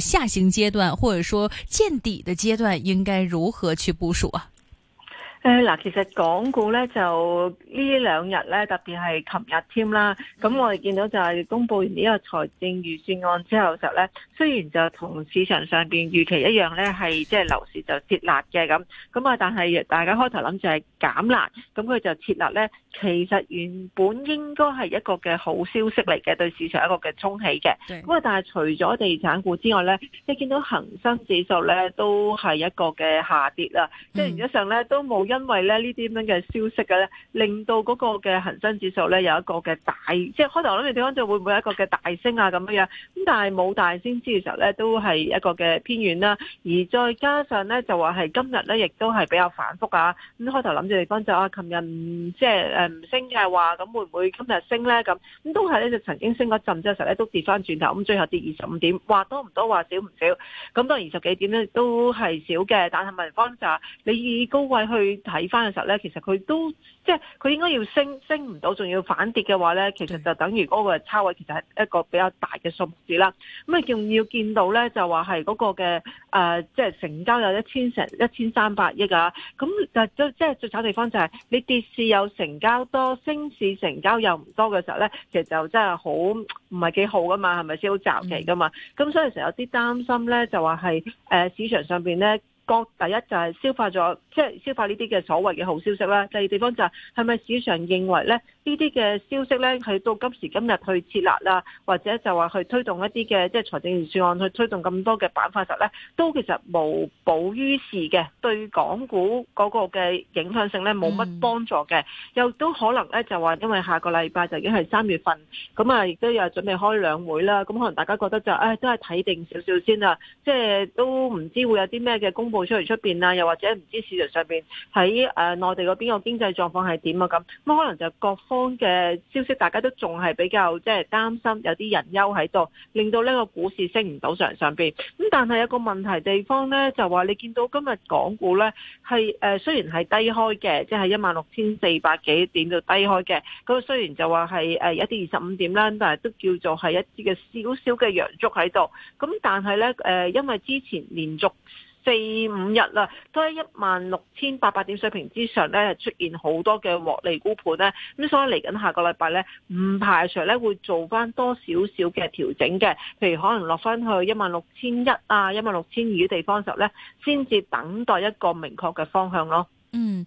下行階段，或者說見底的階段，應該如何去部署啊？誒嗱、呃，其實港股咧就兩呢兩日咧，特別係琴日添啦。咁、嗯、我哋見到就係公布完呢個財政預算案之後嘅時候咧，雖然就同市場上邊預期一樣咧，係即係樓市就撤辣嘅咁。咁啊，但係大家開頭諗就係減辣咁佢就撤辣咧。其實原本應該係一個嘅好消息嚟嘅，對市場一個嘅沖起嘅。咁啊對，但係除咗地產股之外咧，你係見到恒生指數咧都係一個嘅下跌啦。即係、嗯、原則上咧都冇因為咧呢啲咁樣嘅消息嘅咧，令到嗰個嘅恒生指數咧有一個嘅大，即係開頭諗住地方就會唔會有一個嘅大升啊咁樣樣。咁但係冇大升之後嘅時候咧，都係一個嘅偏遠啦。而再加上咧就話係今日咧亦都係比較反复、嗯、啊。咁開頭諗住地方就啊，琴、嗯、日即係。誒唔、嗯嗯、升嘅話，咁會唔會今日升咧？咁咁都係咧，就曾經升一陣之後，時候咧都跌翻轉頭，咁最後跌二十五點，話多唔多話少唔少，咁當然二十幾點咧都係少嘅，但係問方就你以高位去睇翻嘅時候咧，其實佢都。即係佢應該要升升唔到，仲要反跌嘅話咧，其實就等於嗰個差位其實係一個比較大嘅數字啦。咁啊，仲要見到咧就話係嗰個嘅誒、呃，即係成交有一千成一千三百億啊。咁就即係最慘地方就係你跌市有成交多，升市成交又唔多嘅時候咧，其實就真係好唔係幾好噶嘛，係咪先好雜期嘅嘛？咁、嗯、所以成日有啲擔心咧，就話係誒市場上邊咧。個第一就係消化咗，即係消化呢啲嘅所謂嘅好消息啦。第二地方就係係咪市場認為咧呢啲嘅消息咧，去到今時今日去設立啦，或者就話去推動一啲嘅即係財政預算案去推動咁多嘅板塊實咧，都其實無補於事嘅，對港股嗰個嘅影響性咧冇乜幫助嘅，嗯、又都可能咧就話因為下個禮拜就已經係三月份，咁啊亦都有準備開兩會啦，咁可能大家覺得就誒都係睇定少少先啦，即係都唔知會有啲咩嘅公佈。出嚟出邊啦，又或者唔知市場上邊喺誒內地嗰邊個經濟狀況係點啊？咁咁可能就各方嘅消息，大家都仲係比較即係擔心，有啲人憂喺度，令到呢個股市升唔到上上邊。咁但係有個問題地方呢，就話你見到今日港股呢係誒，雖然係低開嘅，即係一萬六千四百幾點度低開嘅。咁、那個、雖然就話係誒一啲二十五點啦，但係都叫做係一啲嘅少少嘅陽燭喺度。咁但係呢，誒，因為之前連續。四五日啦，都喺一萬六千八百點水平之上咧，出現好多嘅獲利沽盤咧，咁所以嚟緊下個禮拜咧，唔排除咧會做翻多少少嘅調整嘅，譬如可能落翻去一萬六千一啊、一萬六千二嘅地方時候咧，先至等待一個明確嘅方向咯。嗯，嗯。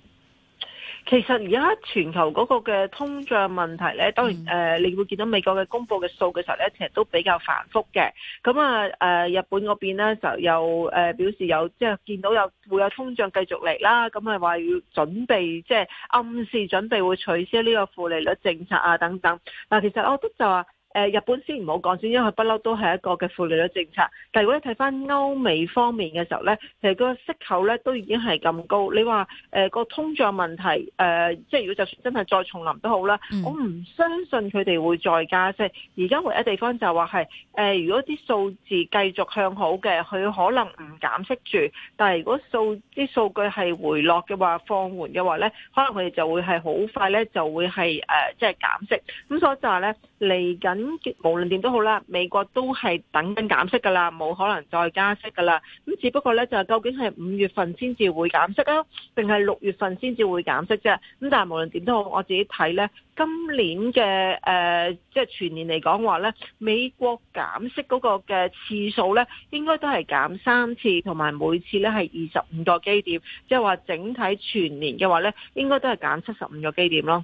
其實而家全球嗰個嘅通脹問題咧，當然誒、嗯呃，你會見到美國嘅公佈嘅數據時候咧，其實都比較繁複嘅。咁啊誒，日本嗰邊咧就又誒、呃、表示有即係見到有會有通脹繼續嚟啦，咁係話要準備即係暗示準備會取消呢個負利率政策啊等等。但、呃、其實我覺得就話誒，日本先唔好講先，因為不嬲都係一個嘅負利率政策。但係如果你睇翻歐美方面嘅時候咧，其實個息口咧都已經係咁高。你話誒、呃，個通脹問題誒、呃，即係如果就算真係再重臨都好啦，我唔相信佢哋會再加息。而家唯一地方就話係誒，如果啲數字繼續向好嘅，佢可能唔減息住。但係如果數啲數據係回落嘅話，放緩嘅話咧，可能佢哋就會係好快咧就會係誒即係減息。咁所以就係咧嚟緊。咁無論點都好啦，美國都係等緊減息噶啦，冇可能再加息噶啦。咁只不過呢，就究竟係五月份先至會減息啊，定係六月份先至會減息啫？咁但係無論點都好，我自己睇呢今年嘅，誒，即係全年嚟講話呢，美國減息嗰個嘅次數呢，應該都係減三次，同埋每次呢係二十五個基點，即係話整體全年嘅話呢，應該都係減七十五個基點咯。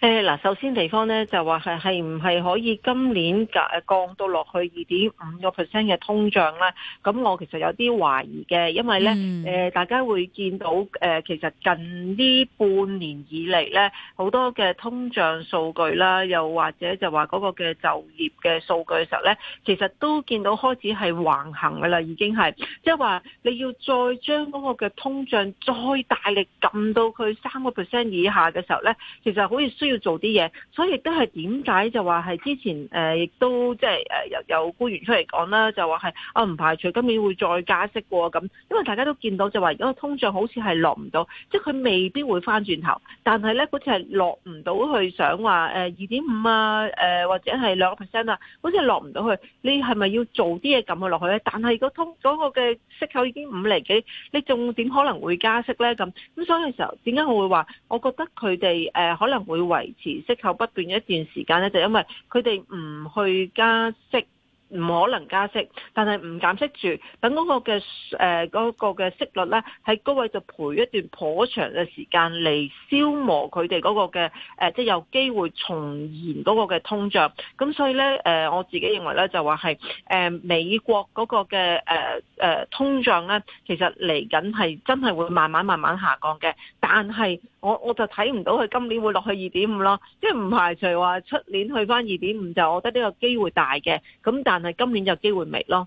誒，嗱、呃，首先地方咧，就話係係唔係可以今年降到落去二點五個 percent 嘅通脹咧？咁我其實有啲懷疑嘅，因為咧，誒、嗯、呃，大家會見到誒、呃，其實近呢半年以嚟咧，好多嘅通脹數據啦，又或者就話嗰個嘅就業嘅數據嘅時候咧，其實都見到開始係橫行噶啦，已經係，即係話你要再將嗰個嘅通脹再大力撳到佢三個 percent 以下嘅時候咧，其實好似……需要做啲嘢，所以亦都係點解就話係之前誒，亦都即係誒有有官員出嚟講啦，就話係我唔排除今年會再加息，喎咁，因為大家都見到就話如果個通脹好似係落唔到，即係佢未必會翻轉頭，但係咧好似係落唔到去想話誒二點五啊誒或者係兩個 percent 啊，好似係落唔到去，你係咪要做啲嘢撳佢落去咧？但係個通嗰、嗰個嘅息口已經五厘幾，你仲點可能會加息咧？咁咁所以嘅時候點解我會話，我覺得佢哋誒可能。會維持息口不變一段時間咧，就因為佢哋唔去加息，唔可能加息，但係唔減息住，等嗰個嘅誒、呃嗰個嘅息率咧喺高位就陪一段頗長嘅時間嚟消磨佢哋嗰個嘅誒，即、呃、係、就是、有機會重燃嗰個嘅通脹。咁所以咧，誒、呃、我自己認為咧就話係誒美國嗰個嘅誒誒通脹咧，其實嚟緊係真係會慢慢慢慢下降嘅，但係。我我就睇唔到佢今年會落去二點五咯，即係唔排除話出年去翻二點五，就我覺得呢個機會大嘅，咁但係今年就機會未咯。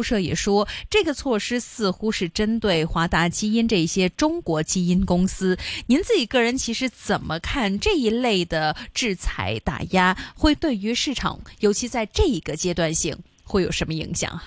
布社也說，這個措施似乎是針對華大基因這些中國基因公司。您自己個人其實怎麼看這一類的制裁打壓，會對於市場，尤其在這一個階段性，會有什麼影響啊？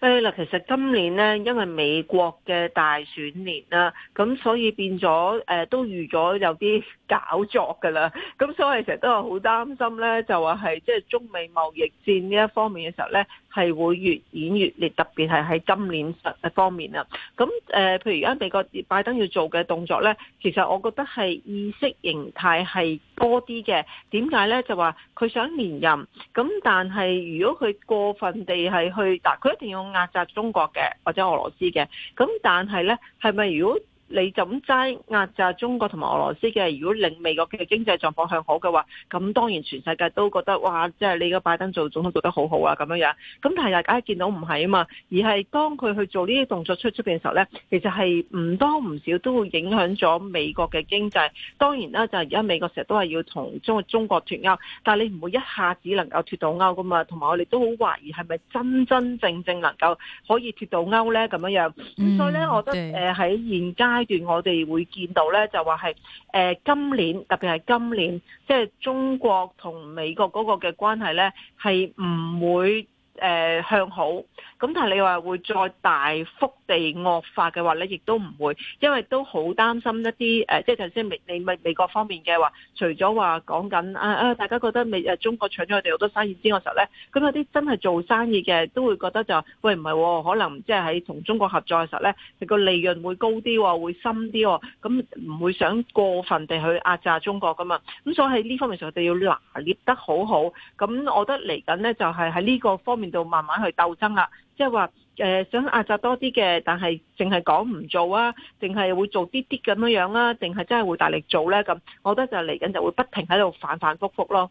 誒，嗱，其實今年呢，因為美國嘅大選年啦，咁所以變咗，誒、呃，都預咗有啲。搞作㗎啦，咁所以成日都係好擔心咧，就話係即係中美貿易戰呢一方面嘅時候咧，係會越演越烈，特別係喺今年方面啦。咁誒、呃，譬如而家美國拜登要做嘅動作咧，其實我覺得係意識形態係多啲嘅。點解咧？就話佢想連任，咁但係如果佢過分地係去，嗱，佢一定要壓榨中國嘅或者俄羅斯嘅，咁但係咧，係咪如果？你就咁齋壓榨中國同埋俄羅斯嘅，如果令美國嘅經濟狀況向好嘅話，咁當然全世界都覺得哇，即係你個拜登做總統做得好好啊咁樣樣。咁但係大家見到唔係啊嘛，而係當佢去做呢啲動作出出邊嘅時候咧，其實係唔多唔少都會影響咗美國嘅經濟。當然啦，就係而家美國成日都係要同中中國脫鈎，但係你唔會一下子能夠脫到鈎噶嘛。同埋我哋都好懷疑係咪真真正正能夠可以脫到鈎咧咁樣樣。咁所以咧，我覺得誒喺現、嗯階段我哋會見到咧，就話係誒今年，特別係今年，即係中國同美國嗰個嘅關係咧，係唔會。誒、呃、向好，咁但係你話會再大幅地惡化嘅話咧，亦都唔會，因為都好擔心一啲、呃、即係頭先美美國方面嘅話，除咗話講緊啊啊，大家覺得美中國搶咗佢哋好多生意之外嘅時候咧，咁有啲真係做生意嘅都會覺得就，喂唔係、哦，可能即係喺同中國合作嘅時候咧，佢個利潤會高啲、哦，會深啲、哦，咁唔會想過分地去壓榨中國噶嘛，咁所以喺呢方面上我哋要拿捏得好好，咁我覺得嚟緊咧就係喺呢個方面。到慢慢去鬥爭啦，即係話誒想壓榨多啲嘅，但係淨係講唔做啊，淨係會做啲啲咁樣樣、啊、啦，定係真係會大力做咧？咁，我覺得就嚟緊就會不停喺度反反復復咯。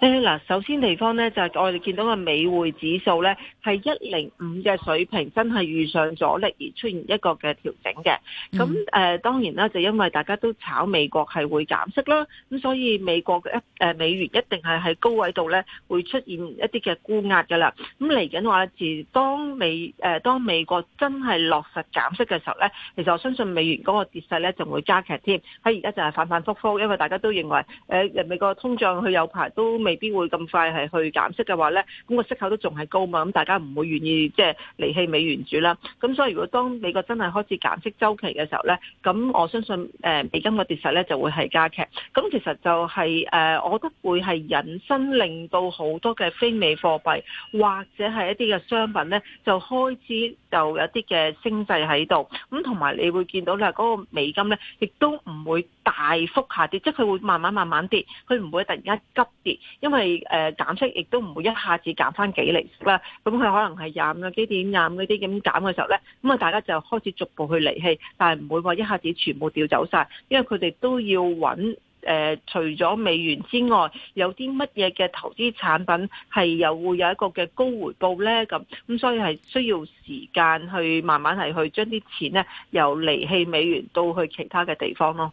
誒嗱，首先地方咧就係我哋見到個美匯指數咧係一零五嘅水平，真係遇上阻力而出現一個嘅調整嘅。咁誒、mm hmm. 當然啦，就因為大家都炒美國係會減息啦，咁所以美國嘅一誒美元一定係喺高位度咧會出現一啲嘅沽壓㗎喇。咁嚟緊話自當美誒當美國真係落實減息嘅時候咧，其實我相信美元嗰個跌勢咧仲會加劇添。喺而家就係反反覆覆，因為大家都認為誒美國通脹佢有排都，未必會咁快係去減息嘅話咧，咁個息口都仲係高嘛，咁大家唔會願意即係、就是、離棄美元住啦。咁所以如果當美國真係開始減息周期嘅時候咧，咁我相信誒美金嘅跌勢咧就會係加劇。咁其實就係、是、誒，我覺得會係引申，令到好多嘅非美貨幣或者係一啲嘅商品咧，就開始就有啲嘅升勢喺度。咁同埋你會見到咧，嗰個美金咧，亦都唔會大幅下跌，即係佢會慢慢慢慢跌，佢唔會突然間急跌。因為誒減息亦都唔會一下子減翻幾厘啦，咁佢可能係廿五，個基點廿五嗰啲咁減嘅時候咧，咁啊大家就開始逐步去離棄，但係唔會話一下子全部調走晒，因為佢哋都要揾誒、呃、除咗美元之外，有啲乜嘢嘅投資產品係又會有一個嘅高回報咧，咁咁所以係需要時間去慢慢係去將啲錢咧由離棄美元到去其他嘅地方咯。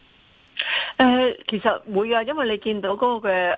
誒、呃，其實會啊，因為你見到嗰個嘅誒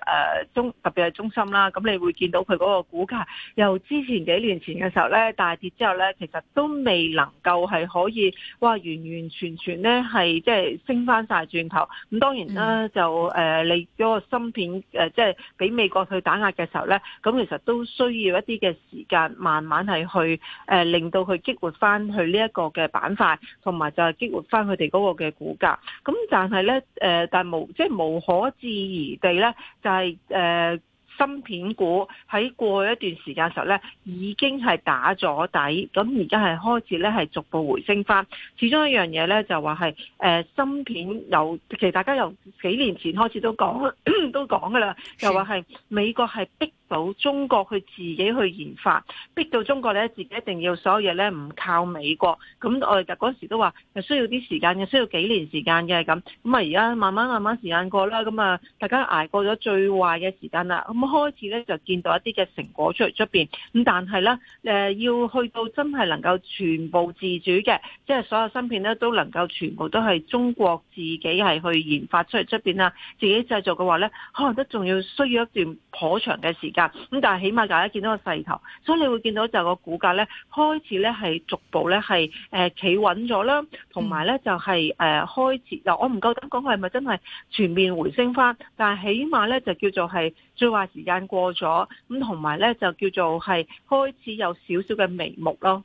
中，特別係中心啦，咁你會見到佢嗰個股價由之前幾年前嘅時候咧大跌之後咧，其實都未能夠係可以，哇，完完全全咧係即係升翻晒轉頭。咁當然啦，嗯、就誒、呃、你嗰個芯片誒，即係俾美國去打壓嘅時候咧，咁其實都需要一啲嘅時間，慢慢係去誒、呃、令到佢激活翻佢呢一個嘅板塊，同埋就係激活翻佢哋嗰個嘅股價。咁但係咧，誒、呃。但無即係無可置疑地咧，就係、是、誒、呃、芯片股喺過去一段時間時候咧，已經係打咗底，咁而家係開始咧係逐步回升返。始終一樣嘢咧就話係誒芯片由，其實大家由幾年前開始都講 都講㗎喇，就話係美國係逼到中國去自己去研發，逼到中國咧自己一定要所有嘢咧唔靠美國，咁我哋就嗰時都話，又需要啲時間，又需要幾年時間嘅咁，咁啊而家慢慢慢慢時間過啦，咁啊大家捱過咗最壞嘅時間啦，咁開始咧就見到一啲嘅成果出嚟出面，咁但係咧誒要去到真係能夠全部自主嘅，即係所有芯片咧都能夠全部都係中國自己係去研發出嚟出面啦，自己製造嘅話咧，可能都仲要需要一段頗長嘅時間。咁但係起碼大家見到個勢頭，所以你會見到就個股價咧開始咧係逐步咧係誒企穩咗啦，同埋咧就係誒開始，嗯、我唔夠膽講係咪真係全面回升翻，但係起碼咧就叫做係最壞時間過咗，咁同埋咧就叫做係開始有少少嘅眉目咯。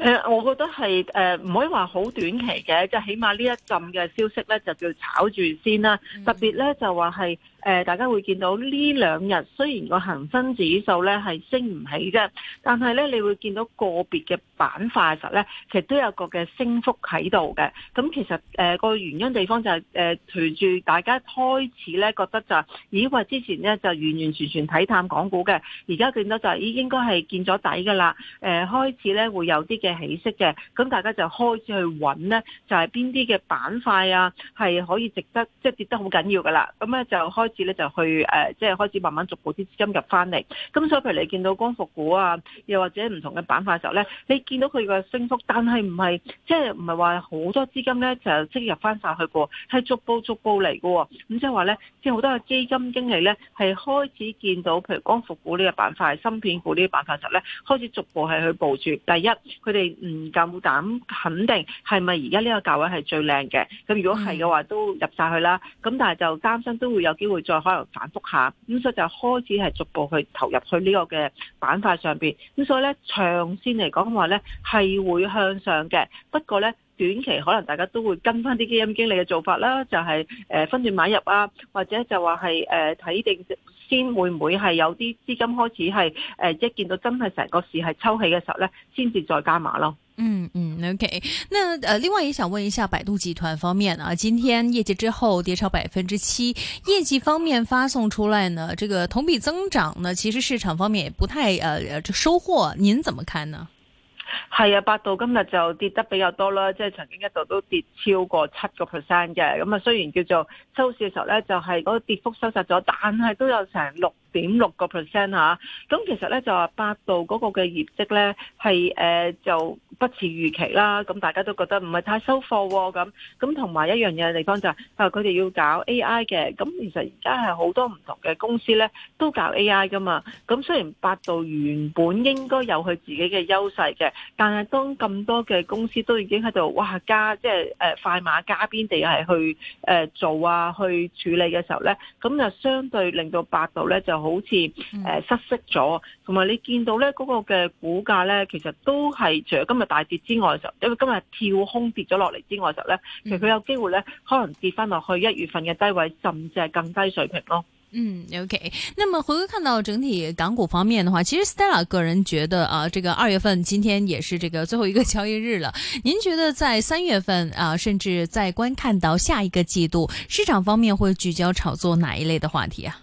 誒、呃，我覺得係誒，唔、呃、可以話好短期嘅，即係起碼呢一陣嘅消息咧，就叫炒住先啦。特別咧，就話係。呃、大家會見到呢兩日雖然個恒生指數咧係升唔起啫，但係咧你會見到個別嘅板塊實咧，其實都有個嘅升幅喺度嘅。咁其實誒個、呃、原因地方就係誒隨住大家開始咧覺得就係，咦？話之前咧就完完全全睇淡港股嘅，而家見到就係咦，應該係見咗底㗎啦。誒開始咧會有啲嘅起色嘅，咁大家就開始去揾咧，就係邊啲嘅板塊啊係可以值得即係、即係、跌得好緊要㗎啦。咁咧就開次咧 就去呃、即係開始慢慢逐步啲資金入翻嚟。咁所以譬如你見到光伏股啊，又或者唔同嘅板塊嘅時候咧，你見到佢個升幅，但係唔係即係唔係話好多資金咧就即係入翻晒去過，係逐步逐步嚟嘅喎。咁即係話咧，即係好多嘅基金經理咧係開始見到譬如光伏股呢個板塊、芯片股呢個板塊時候咧，開始逐步係去，去部署。第一，佢哋唔夠膽肯定係咪而家呢個價位係最靚嘅？咁如果係嘅話，都入晒去啦。咁 但係就擔心都會有機會。再可能反覆下，咁所以就開始係逐步去投入去呢個嘅板塊上邊，咁所以咧長線嚟講話咧係會向上嘅，不過咧短期可能大家都會跟翻啲基金經理嘅做法啦，就係、是、誒、呃、分段買入啊，或者就話係誒睇定。先會唔會係有啲資金開始係誒，一、呃、係見到真係成個市係抽起嘅時候咧，先至再加碼咯。嗯嗯，OK。那誒、呃，另外也想問一下百度集團方面啊，今天業績之後跌超百分之七，業績方面發送出來呢，這個同比增長呢，其實市場方面也不太誒、呃、收貨，您怎麼看呢？係啊，百度今日就跌得比較多啦，即係曾經一度都跌超過七個 percent 嘅，咁啊雖然叫做收市嘅時候咧，就係嗰個跌幅收窄咗，但係都有成六點六個 percent 嚇。咁其實咧就話百度嗰個嘅業績咧係誒就。不似預期啦，咁大家都覺得唔係太收貨喎，咁咁同埋一樣嘢嘅地方就係佢哋要搞 A.I. 嘅，咁其實而家係好多唔同嘅公司咧都搞 A.I. 噶嘛，咁雖然百度原本應該有佢自己嘅優勢嘅，但係當咁多嘅公司都已經喺度哇加即係誒快馬加鞭地係去誒做啊去處理嘅時候咧，咁就相對令到百度咧就好似誒失色咗，同埋你見到咧嗰個嘅股價咧其實都係除咗今日。大跌之外時候，就因為今日跳空跌咗落嚟之外，實呢，其實佢有機會呢，可能跌翻落去一月份嘅低位，甚至係更低水平咯。嗯，OK。那麼回歸看到整體港股方面嘅話，其實 Stella 個人覺得啊，這個二月份今天也是這個最後一個交易日了。您覺得在三月份啊，甚至在觀看到下一個季度，市場方面會聚焦炒作哪一類嘅話題啊？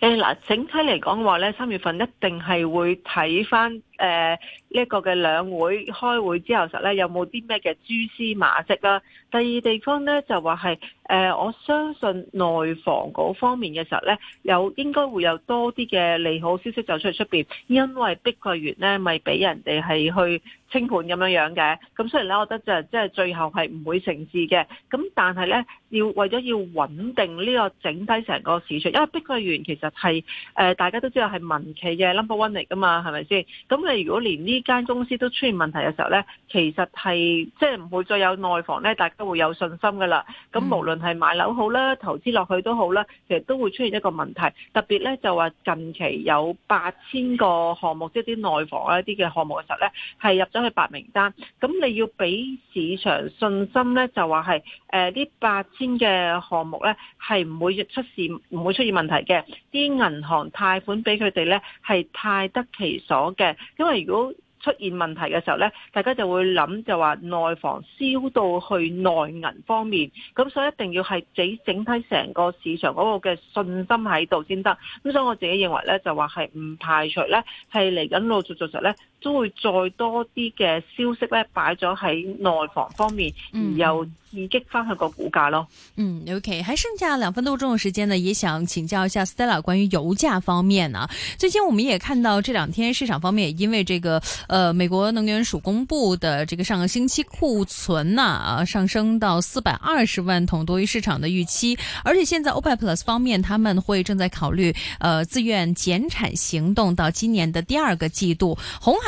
誒嗱、呃，整體嚟講嘅話呢，三月份一定係會睇翻。誒，呢個嘅兩會開會之後實咧，有冇啲咩嘅蛛絲馬跡啦？第二地方咧就話係誒，我相信內房嗰方面嘅時候咧，有應該會有多啲嘅利好消息走出出邊，因為碧桂園咧咪俾人哋係去清盤咁樣樣嘅，咁雖然咧，我覺得就即係最後係唔會成事嘅，咁但係咧要為咗要穩定呢個整低成個市場，因為碧桂園其實係誒大家都知道係民企嘅 number one 嚟噶嘛，係咪先？咁即係如果連呢間公司都出現問題嘅時候呢，其實係即係唔會再有內房呢，大家都會有信心噶啦。咁無論係買樓好啦，投資落去都好啦，其實都會出現一個問題。特別呢，就話近期有八千個項目，即係啲內房一啲嘅項目嘅時候呢，係入咗去白名單。咁你要俾市場信心呢，就話係誒呢八千嘅項目呢係唔會出事，唔會出現問題嘅。啲銀行貸款俾佢哋呢係貸得其所嘅。因為如果出現問題嘅時候呢，大家就會諗就話內房燒到去內銀方面，咁所以一定要係整整體成個市場嗰個嘅信心喺度先得。咁所以我自己認為呢，就話係唔排除呢係嚟緊陸陸續續呢。都會再多啲嘅消息咧，擺咗喺內房方面，而又刺激翻佢個股價咯。嗯，OK，還剩下兩分多鐘嘅時間呢，也想請教一下 Stella 關於油價方面啊。最近我們也看到這兩天市場方面也，因為這個，呃，美國能源署公布的這個上個星期庫存呢，啊，啊上升到四百二十萬桶，多於市場的預期，而且現在 OPEC Plus 方面他們會正在考慮，呃，自願減產行動到今年的第二個季度。紅海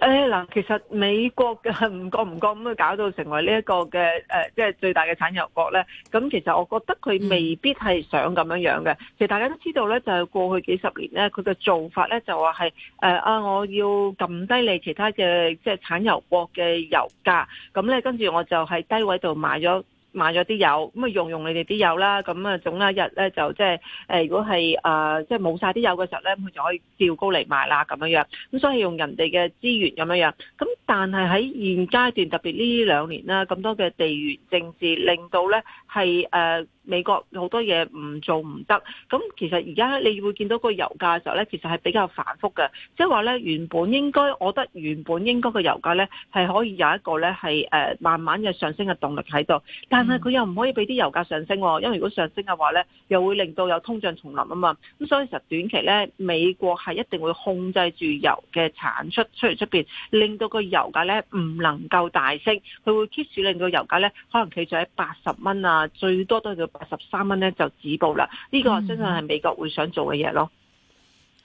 誒，嗱、哎，其實美國嘅唔覺唔覺咁去搞到成為呢一個嘅誒，即、呃、係、就是、最大嘅產油國咧。咁其實我覺得佢未必係想咁樣樣嘅。其實大家都知道咧，就係、是、過去幾十年咧，佢嘅做法咧就話係誒啊，我要撳低你其他嘅即係產油國嘅油價，咁咧跟住我就喺低位度買咗。買咗啲油，咁啊用用你哋啲油啦，咁啊總有一日咧就即係，誒如果係啊即係冇晒啲油嘅時候咧，佢就可以吊高嚟賣啦咁樣樣，咁所以用人哋嘅資源咁樣樣，咁但係喺現階段特別呢兩年啦，咁多嘅地緣政治令到咧。係誒、呃，美國好多嘢，唔做唔得，咁其實而家你會見到個油價嘅時候咧，其實係比較反復嘅，即係話咧原本應該，我覺得原本應該個油價咧係可以有一個咧係誒慢慢嘅上升嘅動力喺度，但係佢又唔可以俾啲油價上升，哦，因為如果上升嘅話咧，又會令到有通脹重臨啊嘛，咁所以其實短期咧，美國係一定會控制住油嘅產出出嚟出邊，令到個油價咧唔能夠大升，佢會 keep 住令到油價咧可能企住喺八十蚊啊。最多都係八十三蚊咧，就止步啦。呢、這個相信係美國會想做嘅嘢咯。嗯